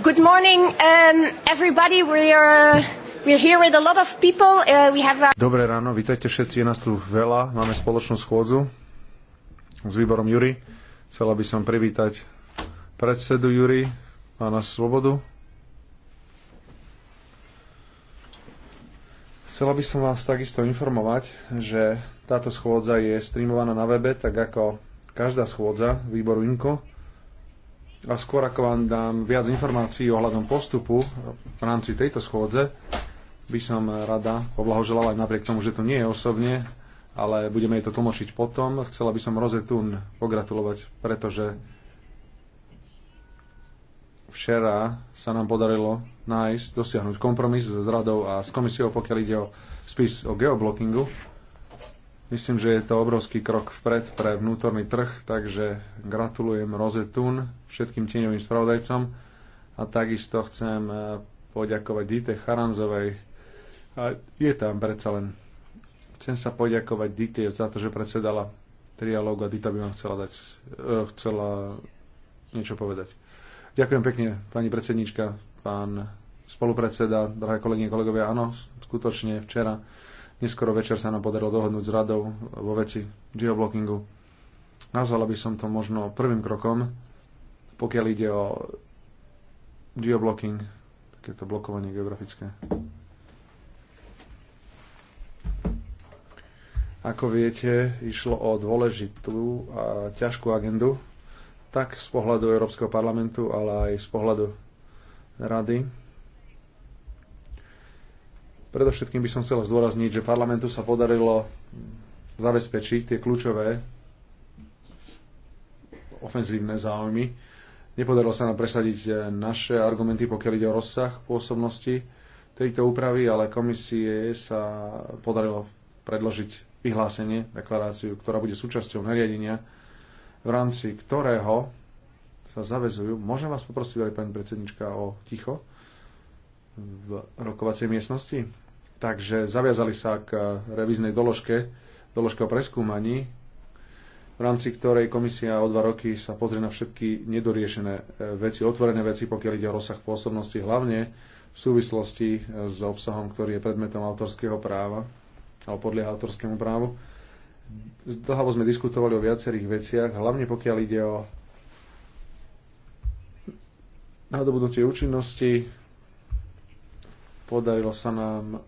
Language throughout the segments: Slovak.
Good morning, um, everybody. We are, uh, we're here with a lot of people. Uh, we have a... Uh, Dobré ráno, vítajte všetci, je nás tu veľa. Máme spoločnú schôdzu s výborom Jury. Chcela by som privítať predsedu Jury, pána Svobodu. Chcela by som vás takisto informovať, že táto schôdza je streamovaná na webe, tak ako každá schôdza výboru INKO a skôr ako vám dám viac informácií o hľadom postupu v rámci tejto schôdze, by som rada poblahoželala aj napriek tomu, že to nie je osobne, ale budeme jej to tlmočiť potom. Chcela by som Rozetun pogratulovať, pretože včera sa nám podarilo nájsť, dosiahnuť kompromis s radou a s komisiou, pokiaľ ide o spis o geoblockingu Myslím, že je to obrovský krok vpred pre vnútorný trh, takže gratulujem Rosetun všetkým tieňovým spravodajcom a takisto chcem eh, poďakovať Dite Charanzovej. A je tam predsa len. Chcem sa poďakovať Dite za to, že predsedala trialógu a Dita by vám chcela, dať, eh, chcela niečo povedať. Ďakujem pekne, pani predsednička, pán spolupredseda, drahé kolegyne, kolegovia. Áno, skutočne včera Neskoro večer sa nám podarilo dohodnúť s radou vo veci geoblockingu. Nazvala by som to možno prvým krokom, pokiaľ ide o geoblocking, takéto blokovanie geografické. Ako viete, išlo o dôležitú a ťažkú agendu, tak z pohľadu Európskeho parlamentu, ale aj z pohľadu Rady Predovšetkým by som chcel zdôrazniť, že parlamentu sa podarilo zabezpečiť tie kľúčové ofenzívne záujmy. Nepodarilo sa nám presadiť eh, naše argumenty, pokiaľ ide o rozsah pôsobnosti tejto úpravy, ale komisie sa podarilo predložiť vyhlásenie, deklaráciu, ktorá bude súčasťou nariadenia, v rámci ktorého sa zavezujú. Môžem vás poprosiť, aj pani predsednička, o ticho v rokovacej miestnosti? Takže zaviazali sa k revíznej doložke, doložke o preskúmaní, v rámci ktorej komisia o dva roky sa pozrie na všetky nedoriešené e, veci, otvorené veci, pokiaľ ide o rozsah pôsobnosti, hlavne v súvislosti s obsahom, ktorý je predmetom autorského práva alebo podlieha autorskému právu. Dlhavo sme diskutovali o viacerých veciach, hlavne pokiaľ ide o nadobudnutie účinnosti. Podarilo sa nám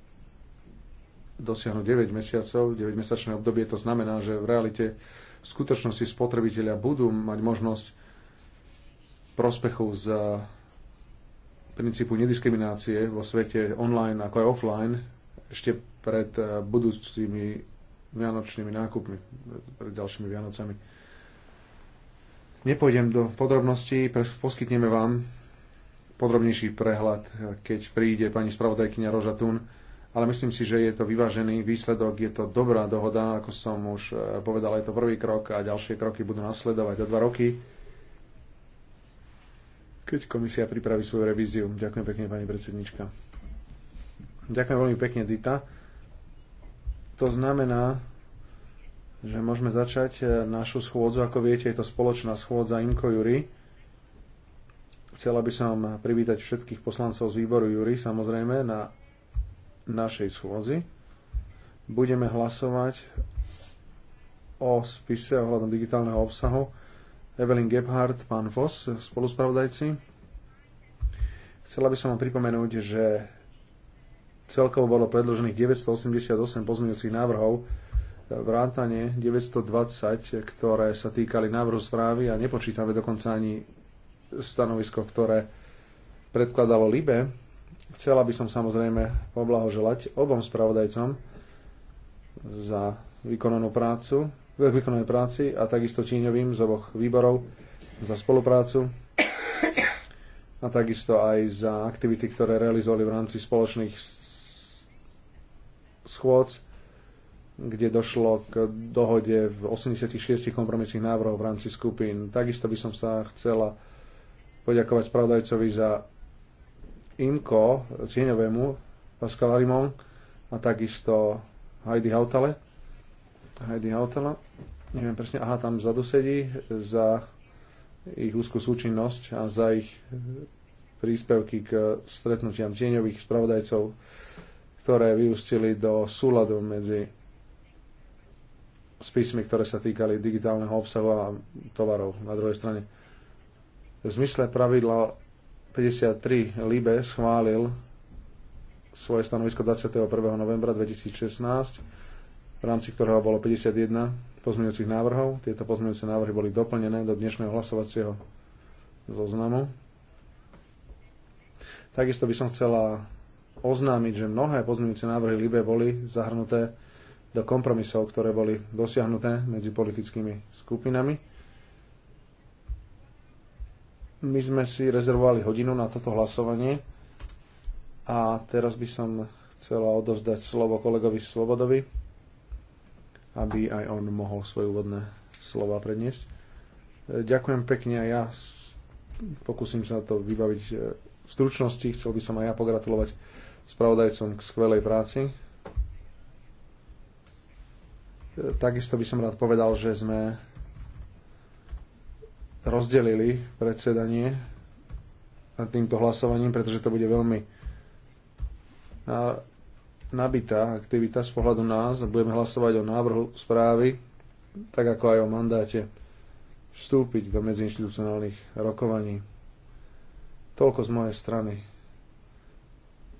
dosiahnuť 9 mesiacov, 9-mesačné obdobie. To znamená, že v realite v skutočnosti spotrebitelia budú mať možnosť prospechu z princípu nediskriminácie vo svete online ako aj offline ešte pred eh, budúcimi vianočnými nákupmi, pred ďalšími Vianocami. Nepôjdem do podrobností, poskytneme vám podrobnejší prehľad, eh, keď príde pani spravodajkyňa Rožatún ale myslím si, že je to vyvážený výsledok, je to dobrá dohoda, ako som už e, povedal, je to prvý krok a ďalšie kroky budú nasledovať o dva roky, keď komisia pripraví svoju revíziu. Ďakujem pekne, pani predsednička. Ďakujem veľmi pekne, Dita. To znamená, že môžeme začať e, našu schôdzu. Ako viete, je to spoločná schôdza Imko Jury. Chcela by som privítať všetkých poslancov z výboru Jury, samozrejme, na našej schôdzi. Budeme hlasovať o spise ohľadom digitálneho obsahu. Evelyn Gebhardt, pán Voss, spoluspravodajci. Chcela by som vám pripomenúť, že celkovo bolo predložených 988 pozmeňujúcich návrhov, vrátane 920, ktoré sa týkali návrhu správy a nepočítame dokonca ani stanovisko, ktoré predkladalo LIBE, Chcela by som samozrejme poblahoželať obom spravodajcom za vykonanú prácu, k práci a takisto Číňovým z oboch výborov za spoluprácu a takisto aj za aktivity, ktoré realizovali v rámci spoločných schôdz, kde došlo k dohode v 86 kompromisných návrhov v rámci skupín. Takisto by som sa chcela poďakovať spravodajcovi za Imko, Tieňovému, Pascal Arimon a takisto Heidi Hautale. Heidi Hautala, neviem presne, aha, tam vzadu sedí za ich úzkú súčinnosť a za ich príspevky k stretnutiam tieňových spravodajcov, ktoré vyústili do súladu medzi spismi, ktoré sa týkali digitálneho obsahu a tovarov na druhej strane. V zmysle pravidla 53 Libe schválil svoje stanovisko 21. novembra 2016, v rámci ktorého bolo 51 pozmeňujúcich návrhov. Tieto pozmeňujúce návrhy boli doplnené do dnešného hlasovacieho zoznamu. Takisto by som chcela oznámiť, že mnohé pozmeňujúce návrhy Libe boli zahrnuté do kompromisov, ktoré boli dosiahnuté medzi politickými skupinami my sme si rezervovali hodinu na toto hlasovanie a teraz by som chcela odovzdať slovo kolegovi Slobodovi, aby aj on mohol svoje úvodné slova predniesť. Ďakujem pekne a ja pokúsim sa to vybaviť e, v stručnosti. Chcel by som aj ja pogratulovať spravodajcom k skvelej práci. E, takisto by som rád povedal, že sme rozdelili predsedanie nad týmto hlasovaním, pretože to bude veľmi nabitá aktivita z pohľadu nás. Budeme hlasovať o návrhu správy, tak ako aj o mandáte vstúpiť do medziinstitucionálnych rokovaní. Toľko z mojej strany.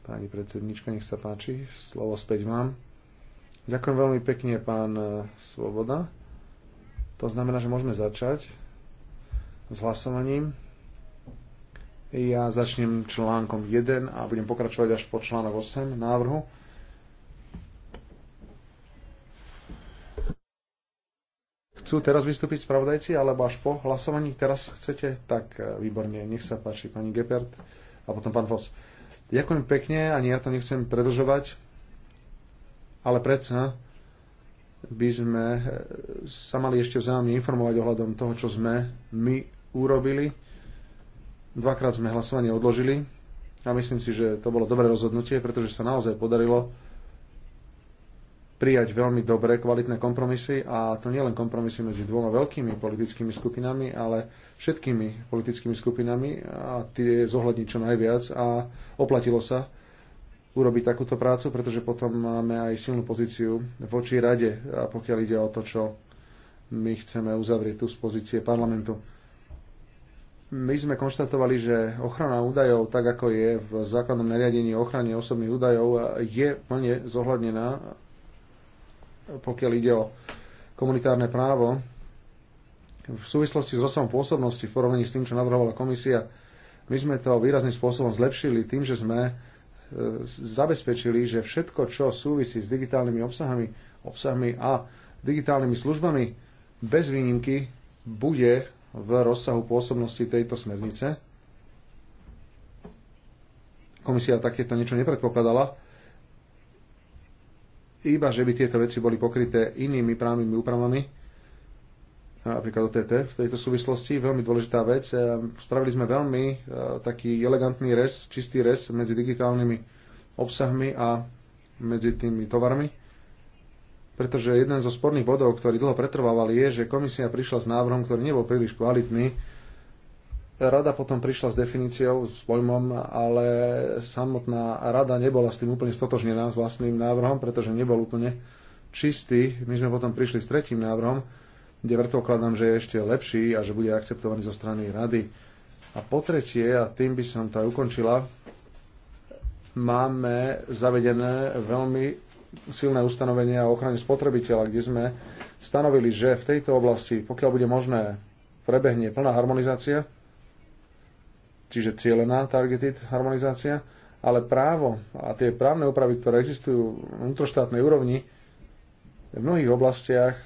Pani predsednička, nech sa páči, slovo späť mám. Ďakujem veľmi pekne, pán eh, Svoboda. To znamená, že môžeme začať s hlasovaním. Ja začnem článkom 1 a budem pokračovať až po článok 8 návrhu. Chcú teraz vystúpiť spravodajci, alebo až po hlasovaní teraz chcete? Tak e, výborne, nech sa páči pani Gepert a potom pán Vos. Ďakujem pekne, ani ja to nechcem predlžovať, ale predsa by sme e, sa mali ešte vzájomne informovať ohľadom toho, čo sme my urobili. Dvakrát sme hlasovanie odložili a myslím si, že to bolo dobré rozhodnutie, pretože sa naozaj podarilo prijať veľmi dobré, kvalitné kompromisy a to nielen kompromisy medzi dvoma veľkými politickými skupinami, ale všetkými politickými skupinami a tie zohľadní čo najviac a oplatilo sa urobiť takúto prácu, pretože potom máme aj silnú pozíciu voči rade, a pokiaľ ide o to, čo my chceme uzavrieť tu z pozície parlamentu. My sme konštatovali, že ochrana údajov, tak ako je v základnom nariadení o ochrane osobných údajov, je plne zohľadnená, pokiaľ ide o komunitárne právo. V súvislosti s rozsahom pôsobnosti v porovnaní s tým, čo navrhovala komisia, my sme to výrazným spôsobom zlepšili tým, že sme e, zabezpečili, že všetko, čo súvisí s digitálnymi obsahami, obsahmi a digitálnymi službami, bez výnimky bude v rozsahu pôsobnosti tejto smernice. Komisia takéto niečo nepredpokladala, iba že by tieto veci boli pokryté inými právnymi úpravami, napríklad OTT v tejto súvislosti. Veľmi dôležitá vec. Spravili sme veľmi e, taký elegantný res, čistý res medzi digitálnymi obsahmi a medzi tými tovarmi pretože jeden zo sporných bodov, ktorý dlho pretrvávali, je, že komisia prišla s návrhom, ktorý nebol príliš kvalitný. Rada potom prišla s definíciou, s pojmom, ale samotná rada nebola s tým úplne stotožnená s vlastným návrhom, pretože nebol úplne čistý. My sme potom prišli s tretím návrhom, kde predpokladám, že je ešte lepší a že bude akceptovaný zo strany rady. A po tretie, a tým by som to aj ukončila, máme zavedené veľmi silné ustanovenia o ochrane spotrebiteľa, kde sme stanovili, že v tejto oblasti, pokiaľ bude možné, prebehne plná harmonizácia, čiže cieľená targeted harmonizácia, ale právo a tie právne úpravy, ktoré existujú v vnútroštátnej úrovni, v mnohých oblastiach e,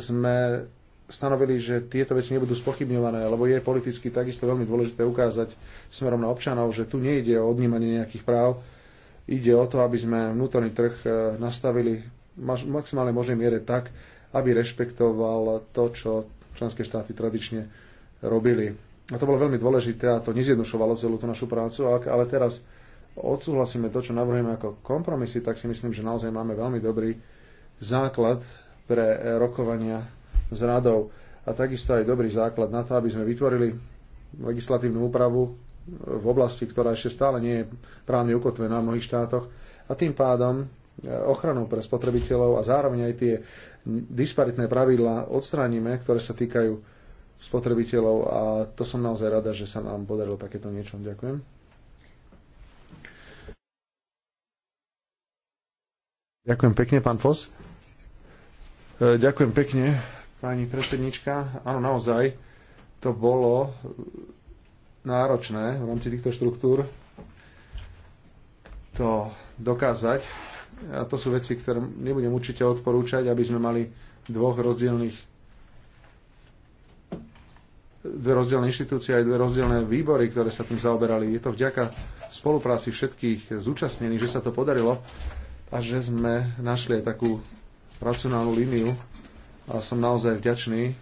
sme stanovili, že tieto veci nebudú spochybňované, lebo je politicky takisto veľmi dôležité ukázať smerom na občanov, že tu nejde o odnímanie nejakých práv, Ide o to, aby sme vnútorný trh e, nastavili v maximálnej možnej miere tak, aby rešpektoval to, čo členské štáty tradične robili. A to bolo veľmi dôležité a to nezjednošovalo celú tú našu prácu, ale teraz odsúhlasíme to, čo navrhujeme ako kompromisy, tak si myslím, že naozaj máme veľmi dobrý základ pre rokovania s radou a takisto aj dobrý základ na to, aby sme vytvorili legislatívnu úpravu, v oblasti, ktorá ešte stále nie je právne ukotvená v mnohých štátoch a tým pádom e, ochranu pre spotrebiteľov a zároveň aj tie disparitné pravidlá odstránime, ktoré sa týkajú spotrebiteľov a to som naozaj rada, že sa nám podarilo takéto niečo. Ďakujem. Ďakujem pekne, pán Fos. E, ďakujem pekne, pani predsednička. Áno, naozaj, to bolo náročné v rámci týchto štruktúr to dokázať. A to sú veci, ktoré nebudem určite odporúčať, aby sme mali dvoch rozdielných dve rozdielne inštitúcie aj dve rozdielne výbory, ktoré sa tým zaoberali. Je to vďaka spolupráci všetkých zúčastnených, že sa to podarilo a že sme našli aj takú racionálnu líniu a som naozaj vďačný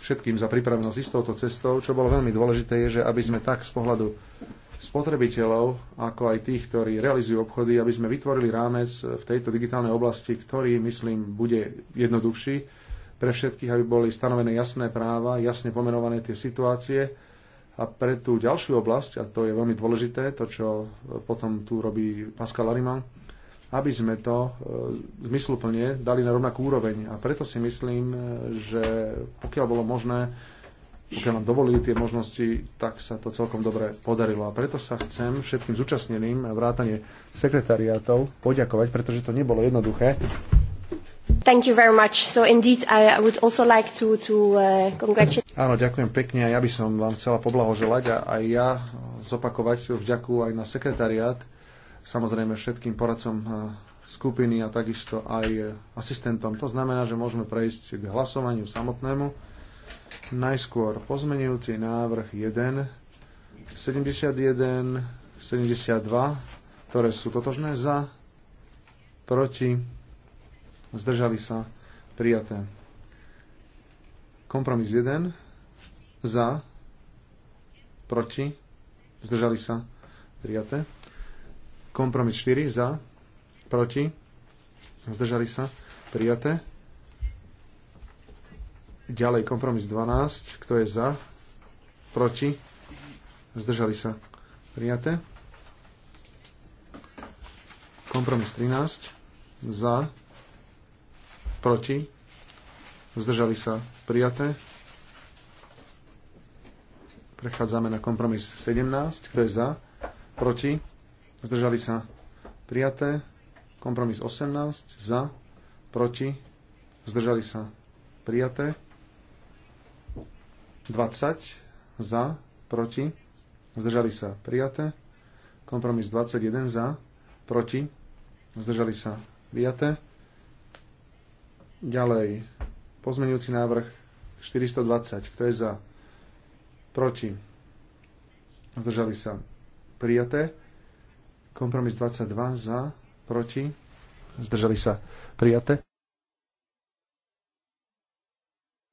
všetkým za pripravenosť s touto cestou. Čo bolo veľmi dôležité je, že aby sme tak z pohľadu spotrebiteľov, ako aj tých, ktorí realizujú obchody, aby sme vytvorili rámec v tejto digitálnej oblasti, ktorý, myslím, bude jednoduchší pre všetkých, aby boli stanovené jasné práva, jasne pomenované tie situácie, a pre tú ďalšiu oblasť, a to je veľmi dôležité, to, čo potom tu robí Pascal Ariman, aby sme to e, zmysluplne dali na rovnakú úroveň. A preto si myslím, e, že pokiaľ bolo možné, pokiaľ nám dovolili tie možnosti, tak sa to celkom dobre podarilo. A preto sa chcem všetkým zúčastneným a vrátane sekretariátov poďakovať, pretože to nebolo jednoduché. Thank you very much. So indeed, I would also like to, to uh, congratulate. Áno, ďakujem pekne a ja by som vám chcela poblahoželať a aj ja zopakovať vďaku aj na sekretariát, samozrejme všetkým poradcom e, skupiny a takisto aj e, asistentom. To znamená, že môžeme prejsť k hlasovaniu samotnému. Najskôr pozmenujúci návrh 1, 71, 72, ktoré sú totožné za, proti, zdržali sa, prijaté. Kompromis 1, za, proti, zdržali sa, prijaté. Kompromis 4 za, proti, zdržali sa, prijaté. Ďalej kompromis 12, kto je za, proti, zdržali sa, prijaté. Kompromis 13, za, proti, zdržali sa, prijaté. Prechádzame na kompromis 17, kto je za, proti, zdržali sa prijaté. Kompromis 18 za, proti, zdržali sa prijaté. 20 za, proti, zdržali sa prijaté. Kompromis 21 za, proti, zdržali sa prijaté. Ďalej, pozmenujúci návrh 420, kto je za, proti, zdržali sa prijaté. Kompromis 22 za, proti, zdržali sa prijaté.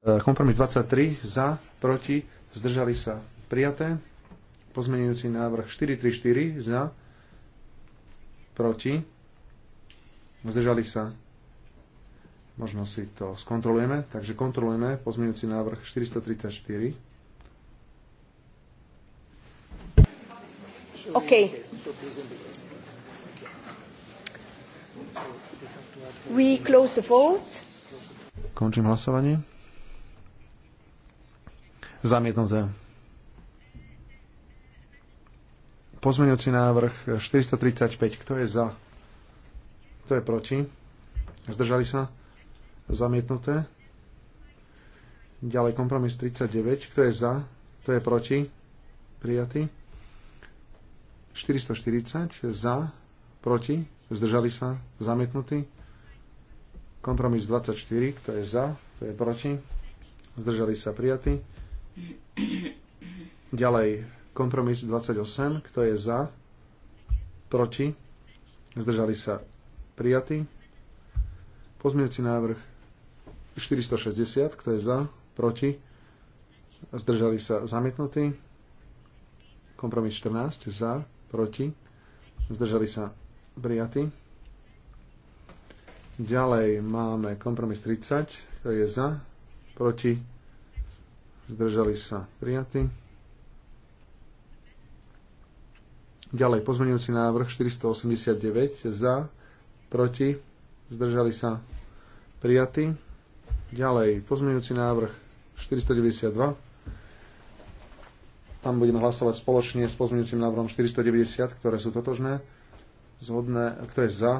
E, kompromis 23 za, proti, zdržali sa prijaté. Pozmenujúci návrh 434 za, proti, zdržali sa. Možno si to skontrolujeme, takže kontrolujeme pozmenujúci návrh 434. OK. We close the vote. Končím hlasovanie. Zamietnuté. Pozmeňujúci návrh 435. Kto je za? Kto je proti? Zdržali sa? Zamietnuté. Ďalej kompromis 39. Kto je za? Kto je proti? Prijatý. 440. Za? Proti? Zdržali sa? Zamietnutý. Kompromis 24, kto je za, kto je proti. Zdržali sa prijatí. Ďalej, kompromis 28, kto je za, proti. Zdržali sa prijatí. Pozmienci návrh 460, kto je za, proti. Zdržali sa zamietnutí. Kompromis 14, za, proti. Zdržali sa prijatí Ďalej máme kompromis 30, kto je za, proti, zdržali sa prijatí. Ďalej pozmeňujúci návrh 489 za, proti, zdržali sa prijatí. Ďalej pozmeňujúci návrh 492 tam budeme hlasovať spoločne s pozmeňujúcim návrhom 490, ktoré sú totožné, zhodné, kto je za,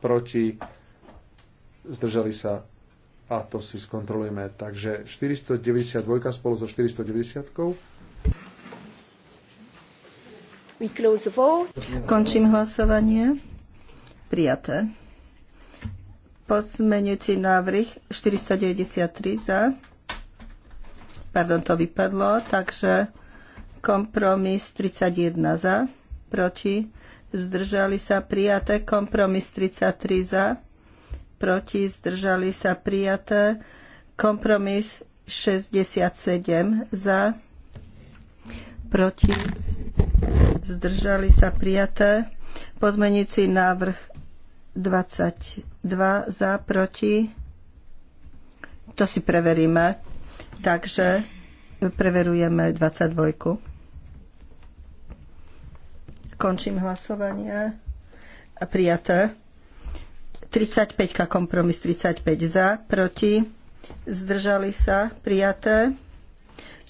proti, zdržali sa a to si skontrolujeme. Takže 492 spolu so 490. Končím hlasovanie. Prijaté. Pozmenujúci návrh 493 za. Pardon, to vypadlo, takže kompromis 31 za, proti zdržali sa prijaté, kompromis 33 za, proti, zdržali sa prijaté, kompromis 67 za, proti, zdržali sa prijaté, pozmenici návrh 22 za, proti, to si preveríme, takže preverujeme 22. Končím hlasovanie. A prijaté. 35 kompromis 35 za, proti. Zdržali sa. Prijaté.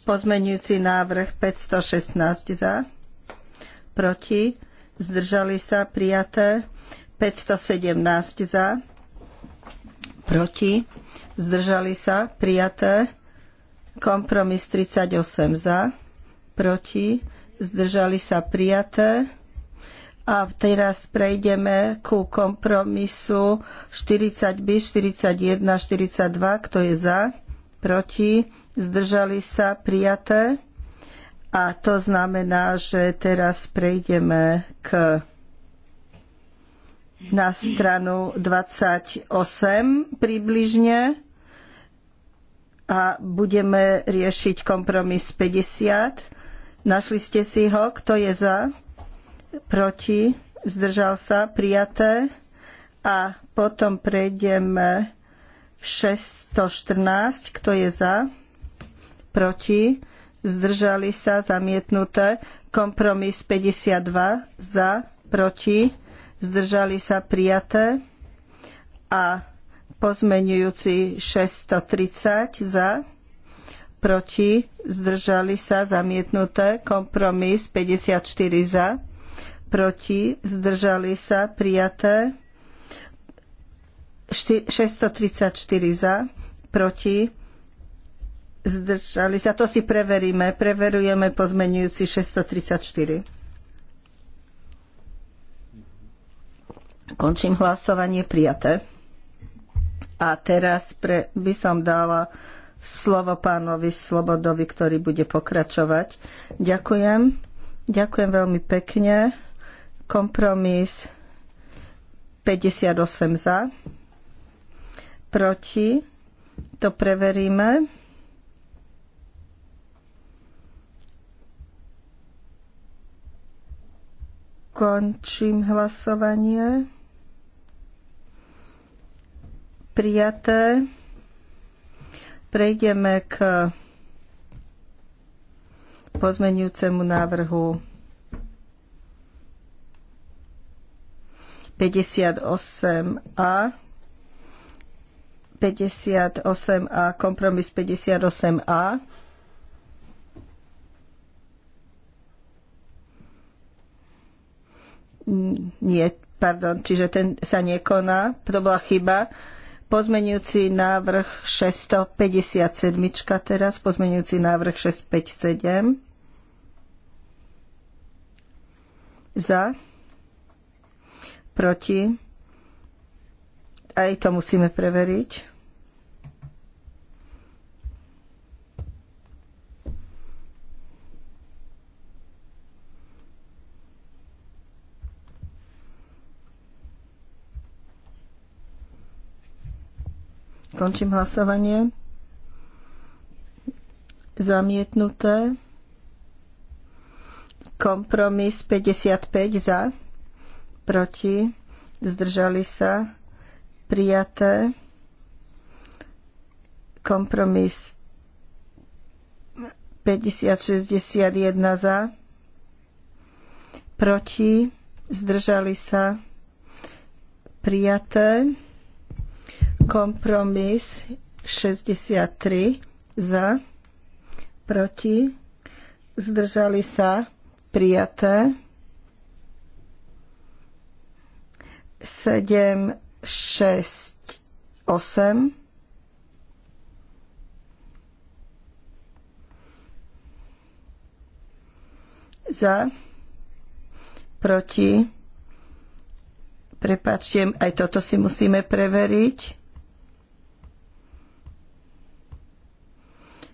Pozmenujúci návrh 516 za, proti. Zdržali sa. Prijaté. 517 za, proti. Zdržali sa. Prijaté. Kompromis 38 za, proti. Zdržali sa. Prijaté. A teraz prejdeme ku kompromisu 40 bis, 41, 42. Kto je za? Proti? Zdržali sa? Prijaté? A to znamená, že teraz prejdeme k na stranu 28 približne a budeme riešiť kompromis 50. Našli ste si ho? Kto je za? proti, zdržal sa, prijaté. A potom prejdeme 614, kto je za, proti, zdržali sa, zamietnuté. Kompromis 52, za, proti, zdržali sa, prijaté. A pozmenujúci 630 za, proti, zdržali sa, zamietnuté, kompromis 54 za, proti, zdržali sa, prijaté. 634 za, proti, zdržali sa. To si preveríme. Preverujeme pozmenujúci 634. Končím hlasovanie prijaté. A teraz pre, by som dala slovo pánovi Slobodovi, ktorý bude pokračovať. Ďakujem. Ďakujem veľmi pekne. Kompromis 58 za, proti, to preveríme. Končím hlasovanie. Prijaté. Prejdeme k pozmenujúcemu návrhu 58a, 58a, kompromis 58a. Nie, pardon, čiže ten sa nekoná, to bola chyba. Pozmenujúci návrh 657 teraz, pozmenujúci návrh 657. Za. Proti? Aj to musíme preveriť. Končím hlasovanie. Zamietnuté. Kompromis 55 za proti, zdržali sa, prijaté. Kompromis 5061 za, proti, zdržali sa, prijaté. Kompromis 63 za, proti, zdržali sa, prijaté 7, 6, 8. Za, proti, prepáčte, aj toto si musíme preveriť,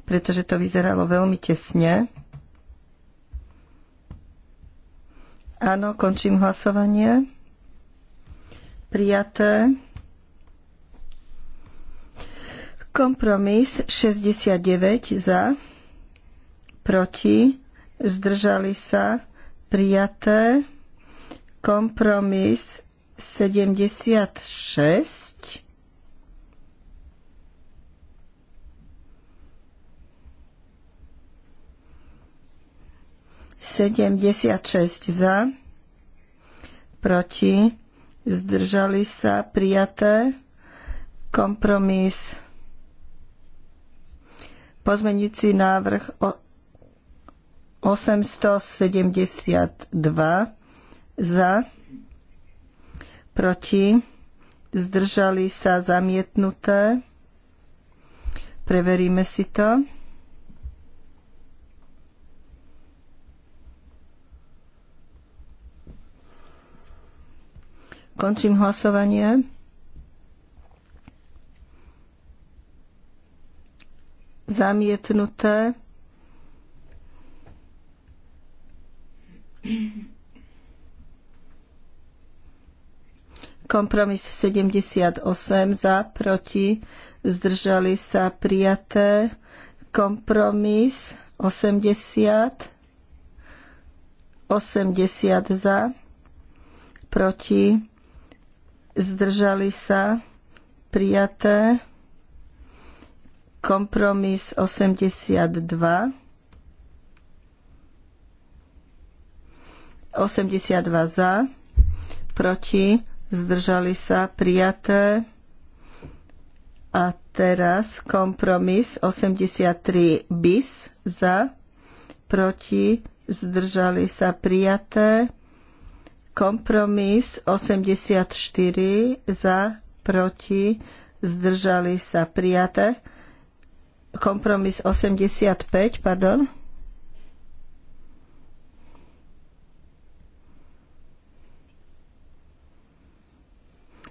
pretože to vyzeralo veľmi tesne. Áno, končím hlasovanie prijaté. Kompromis 69 za, proti, zdržali sa, prijaté. Kompromis 76 Sedemdesiat 76 za, proti, zdržali sa, prijaté. Kompromis, pozmenujúci návrh 872 za, proti, zdržali sa, zamietnuté. Preveríme si to. Končím hlasovanie. Zamietnuté. Kompromis 78 za, proti, zdržali sa prijaté. Kompromis 80, 80 za, proti, zdržali sa, prijaté, kompromis 82, 82 za, proti, zdržali sa, prijaté. A teraz kompromis 83 bis za, proti, zdržali sa, prijaté. Kompromis 84 za, proti, zdržali sa prijaté. Kompromis 85, pardon.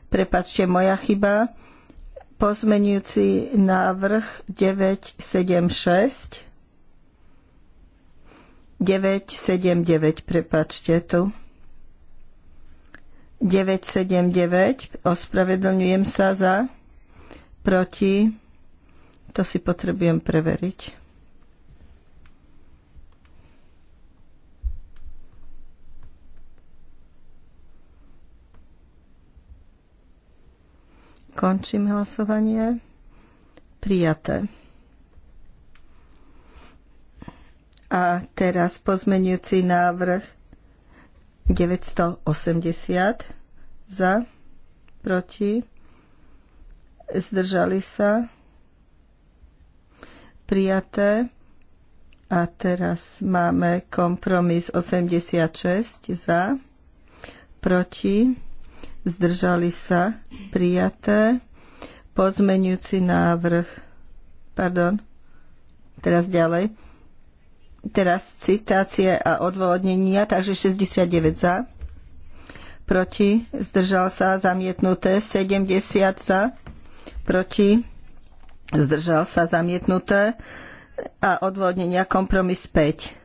Prepačte, moja chyba. Pozmenujúci návrh 976. 979, prepačte tu. 979. Ospravedlňujem sa za. Proti. To si potrebujem preveriť. Končím hlasovanie. Prijaté. A teraz pozmenujúci návrh 980 za, proti, zdržali sa, prijaté. A teraz máme kompromis 86 za, proti, zdržali sa, prijaté. Pozmenujúci návrh, pardon, teraz ďalej. Teraz citácie a odvodnenia, takže 69 za, proti, zdržal sa, zamietnuté, 70 za, proti, zdržal sa, zamietnuté a odvodnenia kompromis 5.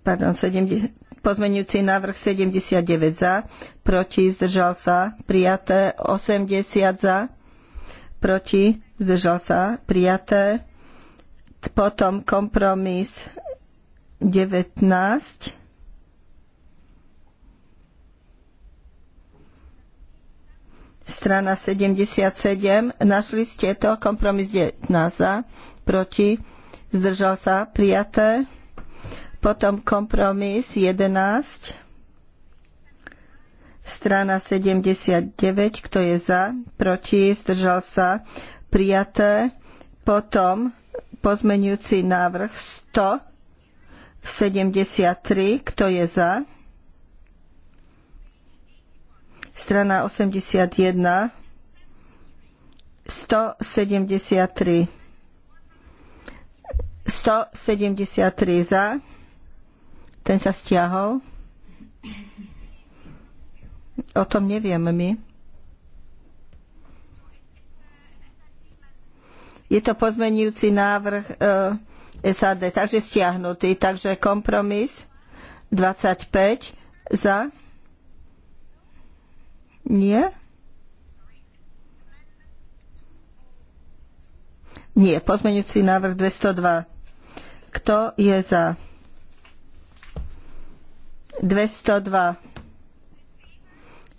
Pardon, 70, pozmenujúci návrh 79 za, proti, zdržal sa, prijaté, 80 za, proti, zdržal sa, prijaté, potom kompromis 19. Strana 77. Našli ste to. Kompromis 19 za, proti. Zdržal sa. Prijaté. Potom kompromis 11. Strana 79. Kto je za? Proti. Zdržal sa. Prijaté. Potom Pozmenujúci návrh 173. Kto je za? Strana 81. 173. 173 za. Ten sa stiahol. O tom nevieme my. Je to pozmenujúci návrh e, SAD, takže stiahnutý. Takže kompromis 25 za. Nie? Nie, pozmenujúci návrh 202. Kto je za? 202.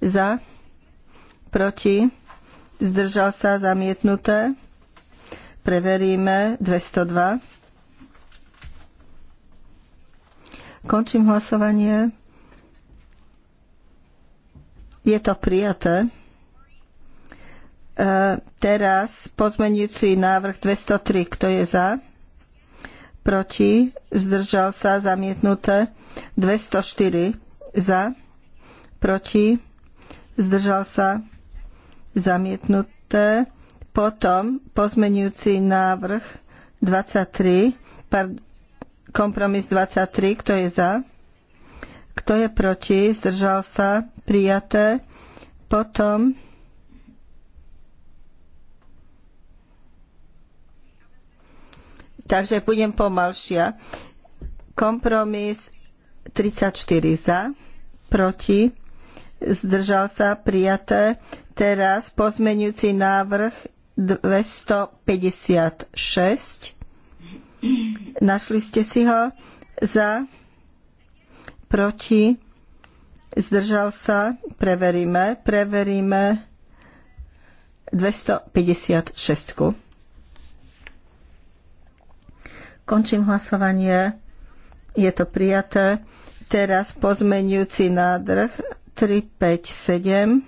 Za? Proti? Zdržal sa zamietnuté? preveríme 202. Končím hlasovanie. Je to prijaté. E, teraz pozmenujúci návrh 203. Kto je za? Proti? Zdržal sa? Zamietnuté? 204. Za? Proti? Zdržal sa? Zamietnuté? Potom pozmenujúci návrh 23, kompromis 23, kto je za? Kto je proti? Zdržal sa? Prijaté. Potom Takže budem pomalšia. Kompromis 34 za, proti, zdržal sa, prijaté. Teraz pozmenujúci návrh 256. Našli ste si ho za, proti, zdržal sa, preveríme, preveríme 256. Končím hlasovanie. Je to prijaté. Teraz pozmenujúci nádrh 357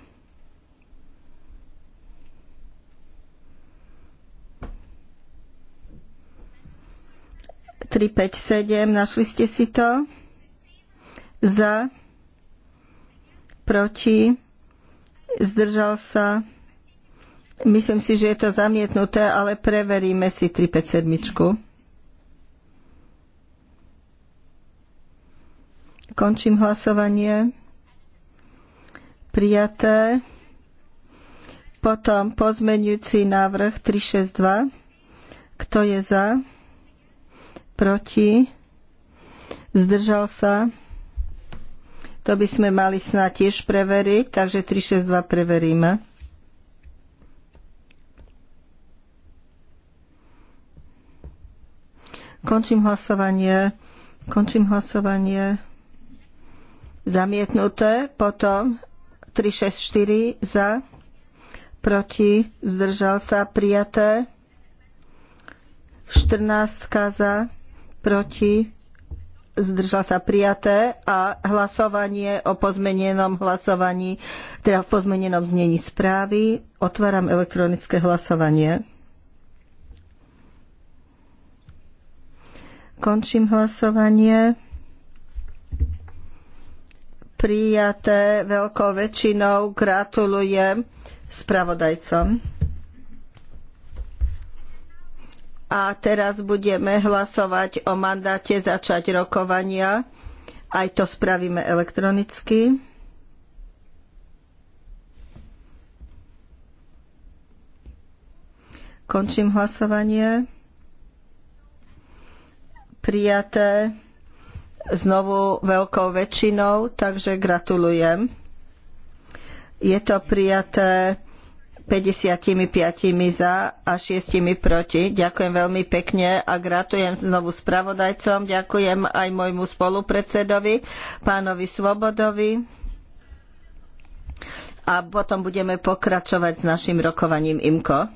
357, našli ste si to? Za, proti, zdržal sa. Myslím si, že je to zamietnuté, ale preveríme si 357. Končím hlasovanie. Prijaté. Potom pozmeňujúci návrh 362. Kto je za? proti, zdržal sa. To by sme mali snáď tiež preveriť, takže 362 preveríme. Končím hlasovanie. Končím hlasovanie. Zamietnuté. Potom 364 za. Proti. Zdržal sa. Prijaté. 14 za proti, zdržal sa prijaté a hlasovanie o pozmenenom hlasovaní, teda v pozmenenom znení správy. Otváram elektronické hlasovanie. Končím hlasovanie. Prijaté veľkou väčšinou gratulujem spravodajcom. A teraz budeme hlasovať o mandáte začať rokovania. Aj to spravíme elektronicky. Končím hlasovanie. Prijaté znovu veľkou väčšinou, takže gratulujem. Je to prijaté 55 za a 6 proti. Ďakujem veľmi pekne a gratujem znovu spravodajcom. Ďakujem aj môjmu spolupredsedovi, pánovi Svobodovi. A potom budeme pokračovať s našim rokovaním IMKO.